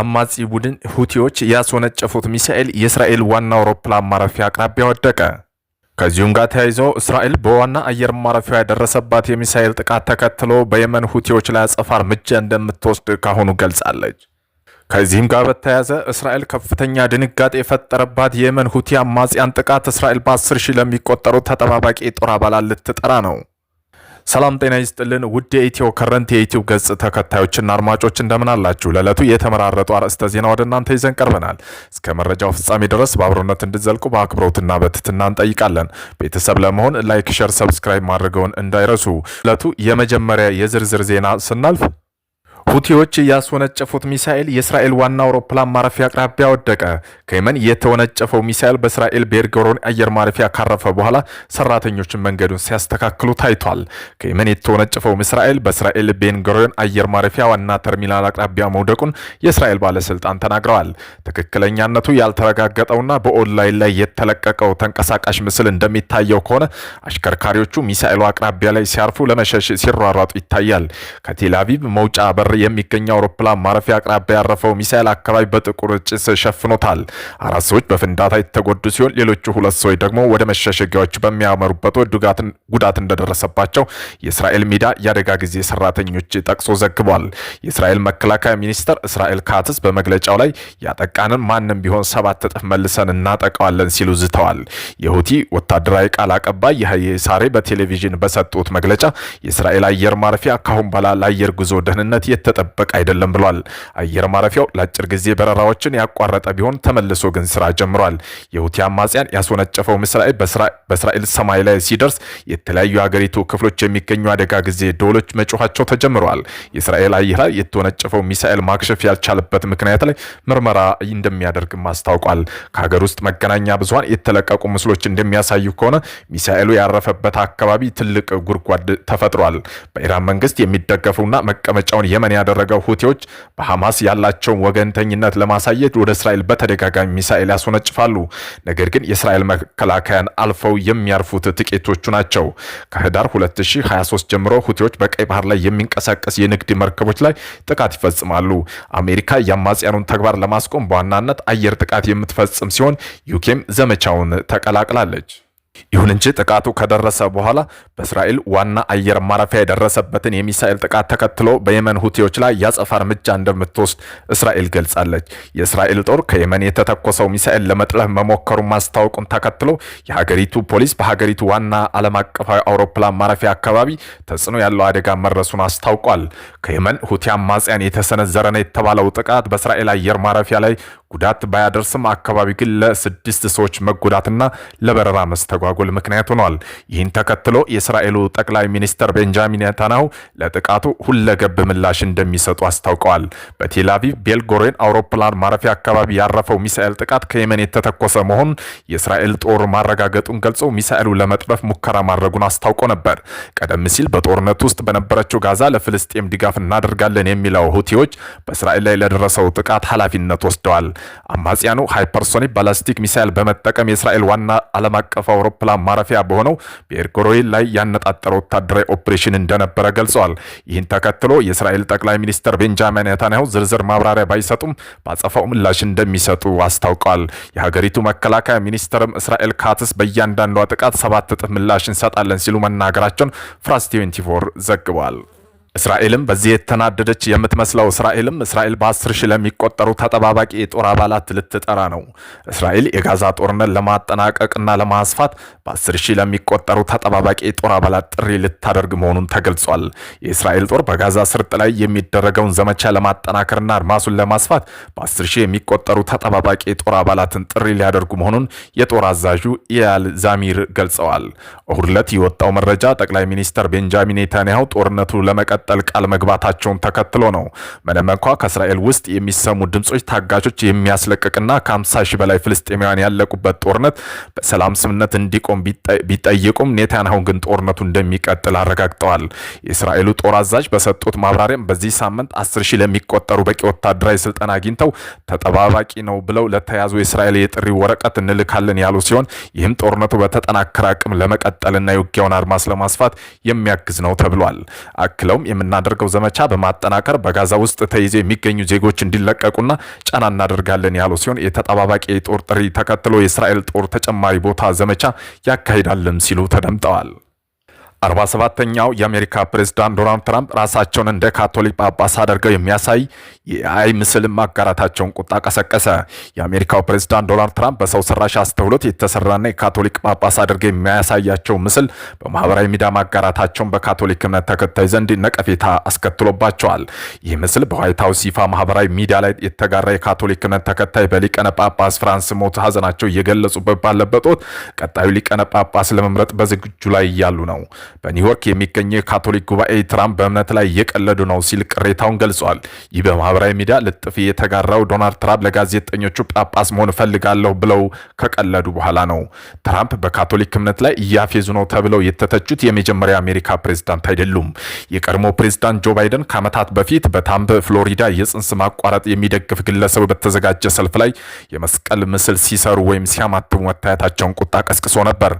አማጺ ቡድን ሁቲዎች ያስወነጨፉት ሚሳኤል የእስራኤል ዋና አውሮፕላን ማረፊያ አቅራቢያ ወደቀ። ከዚሁም ጋር ተያይዞ እስራኤል በዋና አየር ማረፊያ ያደረሰባት የሚሳኤል ጥቃት ተከትሎ በየመን ሁቲዎች ላይ አጸፋ እርምጃ እንደምትወስድ ካሁኑ ገልጻለች። ከዚህም ጋር በተያያዘ እስራኤል ከፍተኛ ድንጋጤ የፈጠረባት የየመን ሁቲ አማጽያን ጥቃት እስራኤል በ10 ሺህ ለሚቆጠሩ ተጠባባቂ የጦር አባላት ልትጠራ ነው። ሰላም ጤና ይስጥልን ውድ የኢትዮ ከረንት የዩቲዩብ ገጽ ተከታዮችና አድማጮች እንደምን አላችሁ? ለዕለቱ የተመራረጡ አርዕስተ ዜና ወደ እናንተ ይዘን ቀርበናል። እስከ መረጃው ፍጻሜ ድረስ በአብሮነት እንድትዘልቁ በአክብሮትና በትትና እንጠይቃለን። ቤተሰብ ለመሆን ላይክ፣ ሸር፣ ሰብስክራይብ ማድረገውን እንዳይረሱ። ዕለቱ የመጀመሪያ የዝርዝር ዜና ስናልፍ ሁቲዎች ያስወነጨፉት ሚሳኤል የእስራኤል ዋና አውሮፕላን ማረፊያ አቅራቢያ ወደቀ። ከየመን የተወነጨፈው ሚሳኤል በእስራኤል ቤርጎሮን አየር ማረፊያ ካረፈ በኋላ ሰራተኞችን መንገዱን ሲያስተካክሉ ታይቷል። ከየመን የተወነጨፈው ሚሳኤል በእስራኤል ቤንገሮን አየር ማረፊያ ዋና ተርሚናል አቅራቢያ መውደቁን የእስራኤል ባለስልጣን ተናግረዋል። ትክክለኛነቱ ያልተረጋገጠውና በኦንላይን ላይ የተለቀቀው ተንቀሳቃሽ ምስል እንደሚታየው ከሆነ አሽከርካሪዎቹ ሚሳኤሉ አቅራቢያ ላይ ሲያርፉ ለመሸሽ ሲሯሯጡ ይታያል። ከቴል አቪቭ መውጫ በር የሚገኘው አውሮፕላን ማረፊያ አቅራቢያ ያረፈው ሚሳኤል አካባቢ በጥቁር ጭስ ሸፍኖታል። አራት ሰዎች በፍንዳታ የተጎዱ ሲሆን ሌሎቹ ሁለት ሰዎች ደግሞ ወደ መሸሸጊያዎች በሚያመሩበት ጉዳት እንደደረሰባቸው የእስራኤል ሚዲያ የአደጋ ጊዜ ሰራተኞች ጠቅሶ ዘግቧል። የእስራኤል መከላከያ ሚኒስትር እስራኤል ካትስ በመግለጫው ላይ ያጠቃንን ማንም ቢሆን ሰባት እጥፍ መልሰን እናጠቃዋለን ሲሉ ዝተዋል። የሁቲ ወታደራዊ ቃል አቀባይ ያህያ ሳሬ በቴሌቪዥን በሰጡት መግለጫ የእስራኤል አየር ማረፊያ ካሁን በኋላ ለአየር ጉዞ ደህንነት የተ የተጠበቀ አይደለም ብሏል። አየር ማረፊያው ለአጭር ጊዜ በረራዎችን ያቋረጠ ቢሆን ተመልሶ ግን ስራ ጀምሯል። የሁቲ አማጽያን ያስወነጨፈው ሚሳኤል በእስራኤል ሰማይ ላይ ሲደርስ የተለያዩ የሀገሪቱ ክፍሎች የሚገኙ አደጋ ጊዜ ደወሎች መጮኋቸው ተጀምረዋል። የእስራኤል አየር ላይ የተወነጨፈው ሚሳኤል ማክሸፍ ያልቻለበት ምክንያት ላይ ምርመራ እንደሚያደርግም አስታውቋል። ከሀገር ውስጥ መገናኛ ብዙሀን የተለቀቁ ምስሎች እንደሚያሳዩ ከሆነ ሚሳኤሉ ያረፈበት አካባቢ ትልቅ ጉድጓድ ተፈጥሯል። በኢራን መንግስት የሚደገፉና መቀመጫውን የመን ያደረገው ሁቴዎች በሐማስ ያላቸውን ወገንተኝነት ለማሳየት ወደ እስራኤል በተደጋጋሚ ሚሳኤል ያስወነጭፋሉ። ነገር ግን የእስራኤል መከላከያን አልፈው የሚያርፉት ጥቂቶቹ ናቸው። ከህዳር 2023 ጀምሮ ሁቴዎች በቀይ ባህር ላይ የሚንቀሳቀስ የንግድ መርከቦች ላይ ጥቃት ይፈጽማሉ። አሜሪካ የአማጽያኑን ተግባር ለማስቆም በዋናነት አየር ጥቃት የምትፈጽም ሲሆን ዩኬም ዘመቻውን ተቀላቅላለች። ይሁን እንጂ ጥቃቱ ከደረሰ በኋላ በእስራኤል ዋና አየር ማረፊያ የደረሰበትን የሚሳኤል ጥቃት ተከትሎ በየመን ሁቲዎች ላይ ያጸፋ እርምጃ እንደምትወስድ እስራኤል ገልጻለች። የእስራኤል ጦር ከየመን የተተኮሰው ሚሳኤል ለመጥለፍ መሞከሩ ማስታወቁን ተከትሎ የሀገሪቱ ፖሊስ በሀገሪቱ ዋና ዓለም አቀፋዊ አውሮፕላን ማረፊያ አካባቢ ተጽዕኖ ያለው አደጋ መድረሱን አስታውቋል። ከየመን ሁቲ አማጽያን የተሰነዘረ ነው የተባለው ጥቃት በእስራኤል አየር ማረፊያ ላይ ጉዳት ባያደርስም አካባቢ ግን ለስድስት ሰዎች መጎዳትና ለበረራ መስተጓል መስተጓጎል ምክንያት ሆኗል። ይህን ተከትሎ የእስራኤሉ ጠቅላይ ሚኒስትር ቤንጃሚን ኔታንያሁ ለጥቃቱ ሁለገብ ምላሽ እንደሚሰጡ አስታውቀዋል። በቴል ቤልጎሬን ቤልጎሮን አውሮፕላን ማረፊያ አካባቢ ያረፈው ሚሳኤል ጥቃት ከየመን የተተኮሰ መሆኑን የእስራኤል ጦር ማረጋገጡን ገልጾ ሚሳኤሉ ለመጥረፍ ሙከራ ማድረጉን አስታውቆ ነበር። ቀደም ሲል በጦርነት ውስጥ በነበረችው ጋዛ ለፍልስጤም ድጋፍ እናደርጋለን የሚለው ሁቲዎች በእስራኤል ላይ ለደረሰው ጥቃት ኃላፊነት ወስደዋል። አማጽያኑ ሃይፐርሶኒክ ባላስቲክ ሚሳኤል በመጠቀም የእስራኤል ዋና ዓለም አቀፍ አውሮፕ አውሮፕላን ማረፊያ በሆነው ቤርጎሮይል ላይ ያነጣጠረ ወታደራዊ ኦፕሬሽን እንደነበረ ገልጸዋል። ይህን ተከትሎ የእስራኤል ጠቅላይ ሚኒስትር ቤንጃሚን ኔታንያሁ ዝርዝር ማብራሪያ ባይሰጡም በአጸፋው ምላሽ እንደሚሰጡ አስታውቀዋል። የሀገሪቱ መከላከያ ሚኒስትርም እስራኤል ካትስ በእያንዳንዷ ጥቃት ሰባት እጥፍ ምላሽ እንሰጣለን ሲሉ መናገራቸውን ፍራንስ 24 ዘግቧል። እስራኤልም በዚህ የተናደደች የምትመስለው እስራኤልም እስራኤል በአስር ሺህ ለሚቆጠሩ ተጠባባቂ የጦር አባላት ልትጠራ ነው። እስራኤል የጋዛ ጦርነት ለማጠናቀቅና ለማስፋት በአስር ሺህ ለሚቆጠሩ ተጠባባቂ የጦር አባላት ጥሪ ልታደርግ መሆኑን ተገልጿል። የእስራኤል ጦር በጋዛ ስርጥ ላይ የሚደረገውን ዘመቻ ለማጠናከርና አድማሱን ለማስፋት በአስር ሺህ የሚቆጠሩ ተጠባባቂ የጦር አባላትን ጥሪ ሊያደርጉ መሆኑን የጦር አዛዡ ኢያል ዛሚር ገልጸዋል። እሁድ ዕለት የወጣው መረጃ ጠቅላይ ሚኒስትር ቤንጃሚን ኔታንያሁ ጦርነቱ ለመቀጠል እንዲቀጠል ቃል መግባታቸውን ተከትሎ ነው። ምንም እንኳ ከእስራኤል ውስጥ የሚሰሙ ድምጾች ታጋቾች የሚያስለቅቅና ከ50 ሺህ በላይ ፍልስጤማውያን ያለቁበት ጦርነት በሰላም ስምነት እንዲቆም ቢጠይቁም ኔታንያሁ ግን ጦርነቱ እንደሚቀጥል አረጋግጠዋል። የእስራኤሉ ጦር አዛዥ በሰጡት ማብራሪያም በዚህ ሳምንት 10 ሺህ ለሚቆጠሩ በቂ ወታደራዊ ስልጠና አግኝተው ተጠባባቂ ነው ብለው ለተያዙ የእስራኤል የጥሪ ወረቀት እንልካለን ያሉ ሲሆን ይህም ጦርነቱ በተጠናከረ አቅም ለመቀጠልና የውጊያውን አድማስ ለማስፋት የሚያግዝ ነው ተብሏል። አክለውም የምናደርገው ዘመቻ በማጠናከር በጋዛ ውስጥ ተይዘው የሚገኙ ዜጎች እንዲለቀቁና ጫና እናደርጋለን ያሉ ሲሆን የተጠባባቂ የጦር ጥሪ ተከትሎ የእስራኤል ጦር ተጨማሪ ቦታ ዘመቻ ያካሂዳልም ሲሉ ተደምጠዋል። አርባ ሰባተኛው የአሜሪካ ፕሬዝዳንት ዶናልድ ትራምፕ ራሳቸውን እንደ ካቶሊክ ጳጳስ አድርገው የሚያሳይ የአይ ምስል ማጋራታቸውን ቁጣ ቀሰቀሰ። የአሜሪካው ፕሬዝዳንት ዶናልድ ትራምፕ በሰው ሰራሽ አስተውሎት የተሰራና የካቶሊክ ጳጳስ አድርገው የሚያሳያቸው ምስል በማህበራዊ ሚዲያ ማጋራታቸውን በካቶሊክ እምነት ተከታይ ዘንድ ነቀፌታ አስከትሎባቸዋል። ይህ ምስል በዋይት ሀውስ ይፋ ማህበራዊ ሚዲያ ላይ የተጋራ የካቶሊክ እምነት ተከታይ በሊቀነ ጳጳስ ፍራንስ ሞት ሀዘናቸው እየገለጹበት ባለበት ወቅት ቀጣዩ ሊቀነ ጳጳስ ለመምረጥ በዝግጁ ላይ እያሉ ነው። በኒውዮርክ የሚገኘው የካቶሊክ ጉባኤ ትራምፕ በእምነት ላይ እየቀለዱ ነው ሲል ቅሬታውን ገልጿል። ይህ በማህበራዊ ሚዲያ ልጥፍ የተጋራው ዶናልድ ትራምፕ ለጋዜጠኞቹ ጳጳስ መሆን እፈልጋለሁ ብለው ከቀለዱ በኋላ ነው። ትራምፕ በካቶሊክ እምነት ላይ እያፌዙ ነው ተብለው የተተቹት የመጀመሪያ አሜሪካ ፕሬዝዳንት አይደሉም። የቀድሞ ፕሬዝዳንት ጆ ባይደን ከዓመታት በፊት በታምፕ ፍሎሪዳ የጽንስ ማቋረጥ የሚደግፍ ግለሰብ በተዘጋጀ ሰልፍ ላይ የመስቀል ምስል ሲሰሩ ወይም ሲያማትቡ መታየታቸውን ቁጣ ቀስቅሶ ነበር።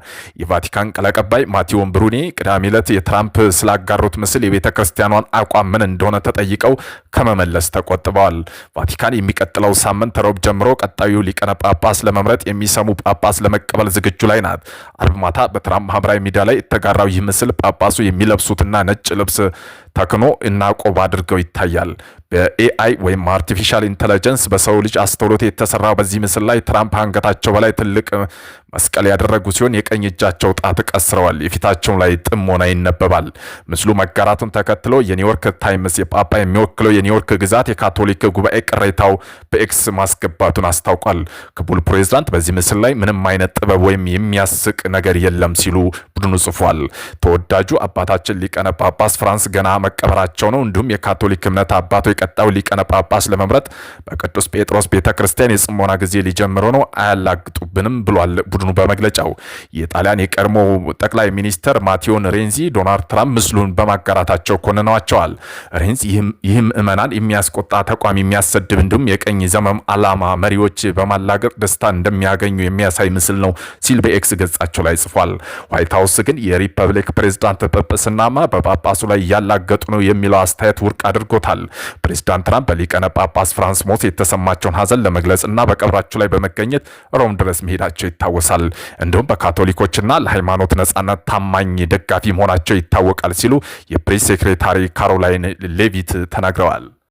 የቫቲካን ቃል አቀባይ ማቴዎን ብሩኔ ቅዳሜ ዕለት የትራምፕ ስላጋሩት ምስል የቤተ ክርስቲያኗን አቋም ምን እንደሆነ ተጠይቀው ከመመለስ ተቆጥበዋል። ቫቲካን የሚቀጥለው ሳምንት ረቡዕ ጀምሮ ቀጣዩ ሊቀነ ጳጳስ ለመምረጥ የሚሰሙ ጳጳስ ለመቀበል ዝግጁ ላይ ናት። አርብ ማታ በትራምፕ ማህበራዊ ሚዲያ ላይ የተጋራው ይህ ምስል ጳጳሱ የሚለብሱትና ነጭ ልብስ ተክኖ እና ቆብ አድርገው ይታያል። በኤአይ ወይም አርቲፊሻል ኢንተለጀንስ በሰው ልጅ አስተውሎት የተሰራው በዚህ ምስል ላይ ትራምፕ አንገታቸው በላይ ትልቅ መስቀል ያደረጉ ሲሆን የቀኝ እጃቸው ጣት ቀስረዋል። የፊታቸው ላይ ጥሞና ይነበባል። ምስሉ መጋራቱን ተከትሎ የኒውዮርክ ታይምስ የጳጳ የሚወክለው የኒውዮርክ ግዛት የካቶሊክ ጉባኤ ቅሬታው በኤክስ ማስገባቱን አስታውቋል። ክቡል ፕሬዚዳንት በዚህ ምስል ላይ ምንም አይነት ጥበብ ወይም የሚያስቅ ነገር የለም ሲሉ ቡድኑ ጽፏል። ተወዳጁ አባታችን ሊቀነ ጳጳስ ፍራንስ ገና መቀበራቸው ነው። እንዲሁም የካቶሊክ እምነት አባቶ የቀጣው ሊቀነ ጳጳስ ለመምረጥ በቅዱስ ጴጥሮስ ቤተ ክርስቲያን የጽሞና ጊዜ ሊጀምሩ ነው፣ አያላግጡብንም ብሏል ቡድኑ በመግለጫው። የጣሊያን የቀድሞ ጠቅላይ ሚኒስተር ማቴዮን ሬንዚ ዶናልድ ትራምፕ ምስሉን በማጋራታቸው ኮንነዋቸዋል። ሬንዚ ይህም ምዕመናን የሚያስቆጣ ተቋም የሚያሰድብ እንዲሁም የቀኝ ዘመም አላማ መሪዎች በማላገር ደስታ እንደሚያገኙ የሚያሳይ ምስል ነው ሲል በኤክስ ገጻቸው ላይ ጽፏል። ዋይት ሀውስ ግን የሪፐብሊክ ፕሬዝዳንት ጵጵስናማ በጳጳሱ ላይ ያላገጡ እየተጋለጡ ነው የሚለው አስተያየት ውድቅ አድርጎታል። ፕሬዚዳንት ትራምፕ በሊቀነ ጳጳስ ፍራንስ ሞስ የተሰማቸውን ሀዘን ለመግለጽና በቀብራቸው ላይ በመገኘት ሮም ድረስ መሄዳቸው ይታወሳል። እንዲሁም በካቶሊኮችና ለሃይማኖት ነጻነት ታማኝ ደጋፊ መሆናቸው ይታወቃል ሲሉ የፕሬስ ሴክሬታሪ ካሮላይን ሌቪት ተናግረዋል።